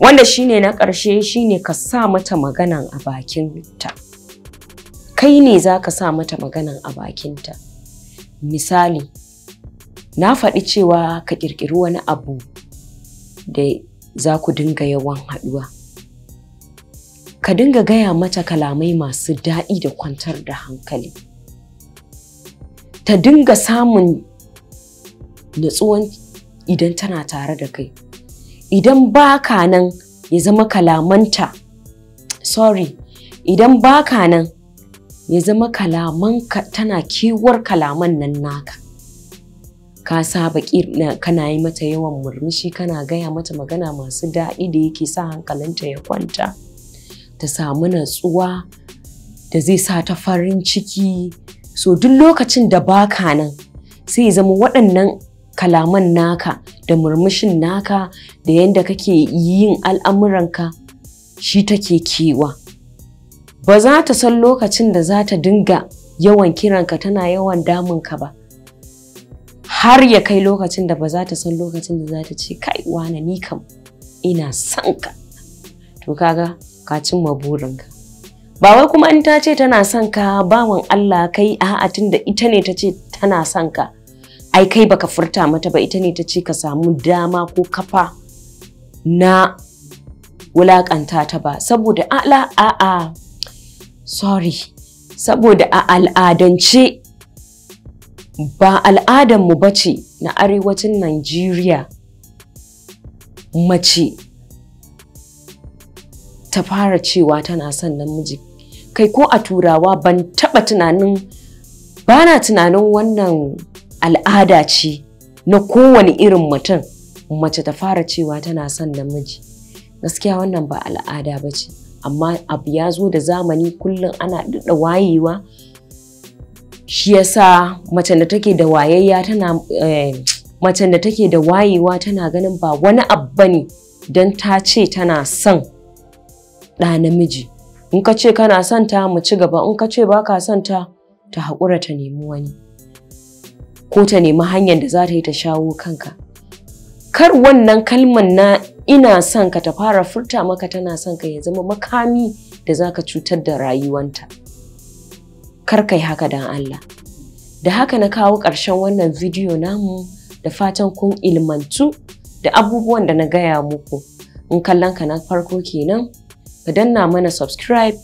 wanda shine na ƙarshe shine ka sa mata maganan a bakinta kai ne za ka sa mata maganan a bakinta misali na faɗi cewa ka ƙirƙiri wani abu da za ku dinga yawan haɗuwa ka dinga gaya mata kalamai masu daɗi da kwantar da hankali ta dinga samun natsuwan idan tana tare da kai idan baka nan ya zama kalamanta sorry idan baka nan ya zama kalamanka tana kiwar kalaman nan naka ka saba kana yi mata yawan murmushi kana gaya mata magana masu daɗi da yake sa hankalinta ya kwanta ta samu natsuwa da zai sa ta farin ciki so duk lokacin da baka nan sai ya zama waɗannan kalaman naka da murmushin naka da yadda kake yin al'amuranka shi take kewa ba za ta san lokacin da za ta dinga yawan kiranka tana yawan damunka ba har ya kai lokacin da ba za ta san lokacin da za ta ce kai wane ni kam ina son ka to kaga ka cimma maburinka ba wai kuma in ta ce tana son ka bawan Allah kai a'a tunda ita ne ta ce tana son ka ai kai baka furta mata ba ita ne ta ce ka samu dama ko kafa na wulakanta ta ba saboda ala a a sorry saboda a al'adance ba al'adanmu ba ce na arewacin Najeriya mace ta fara cewa tana son namiji kai ko a turawa ban taba tunanin ba na tunanin wannan al'ada ce na kowane irin mutum mace ta fara cewa tana son namiji gaskiya wannan ba al'ada ba ce amma abu ya zo da zamani kullum ana daɗa wayewa shi sa mace da take da eh, da wayewa tana ganin ba wani abu ne don ta ce tana son ɗa namiji in ka ce kana son ta mu ci gaba in ka ce ba ka son ta ta haƙura ta nemi wani ko ta nemi hanyar da za ta yi ta shawo kanka kar wannan kalman na ina son ka ta fara furta maka tana son ka ya zama makami da za ka cutar da rayuwanta kar yi haka don Allah da haka na kawo ƙarshen wannan bidiyo namu da fatan kun ilmantu da abubuwan da na gaya muku in kallon ka na farko kenan ka danna mana subscribe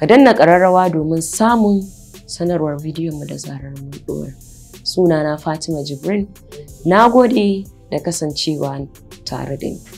ka danna ƙararrawa domin samun sanarwar bidiyonmu da zarar mun ɗora sunana Fatima Jibrin. Na gode da kasancewa tare da ni.